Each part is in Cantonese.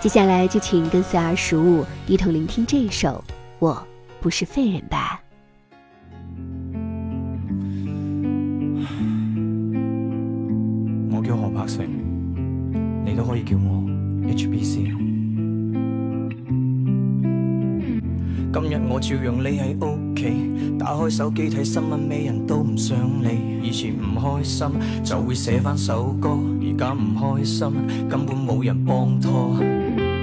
接下來就請跟隨二十五一同聆聽這一首《我不是廢人》吧。我叫何柏城，你都可以叫我 HBC。今日我照樣匿喺屋企，打開手機睇新聞，咩人都唔想理。以前唔開心就會寫翻首歌，而家唔開心根本冇人幫拖。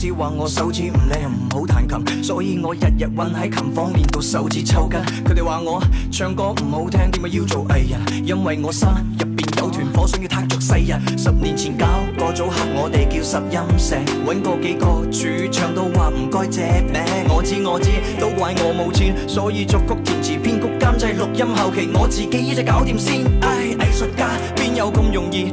知話我手指唔靚唔好彈琴，所以我日日韆喺琴房練到手指抽筋。佢哋話我唱歌唔好聽，點解要做藝人？因為我心入邊有團火，想要踏足世人。十年前搞個組合，我哋叫十音社，揾過幾個主唱都話唔該借名。我知我知，都怪我冇錢，所以作曲、填詞編、編曲、監製、錄音、後期，我自己依只搞掂先。唉、哎，藝術家邊有咁容易？